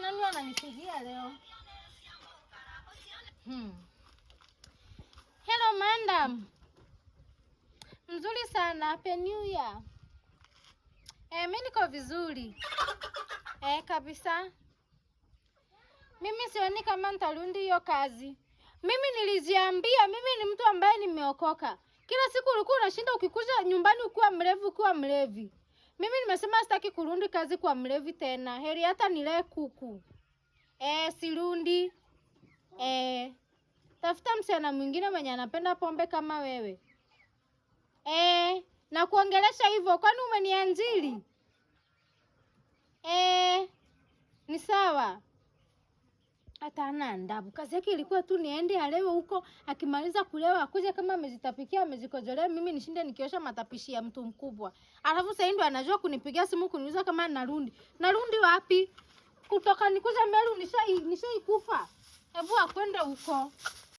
nani ananipigia leo? Hmm. Hello madam. Mzuri sana. Happy New Year. Eh, mimi niko vizuri. Eh, kabisa. Mimi sioni kama nitarudi hiyo kazi. Mimi nilijiambia mimi ni mtu ambaye nimeokoka. Kila siku ulikuwa unashinda ukikuja nyumbani ukiwa mlevi ukiwa mlevi. Mimi nimesema sitaki kurundi kazi kwa mlevi tena, heri hata nilee kuku e, sirundi e, tafuta msichana mwingine mwenye anapenda pombe kama wewe e, na kuongelesha hivyo, kwani umenianjili? E, ni sawa hata ana ndabu. Kazi yake ilikuwa tu niende alewe huko, akimaliza kulewa akuja kama amezitapikia amezikojolea, mimi nishinde nikiosha matapishi ya mtu mkubwa. Alafu sasa ndio anajua kunipigia simu kuniuliza kama narundi. Narundi wapi? Kutoka nikuja Meru nishai nishaikufa. Hebu akwende huko.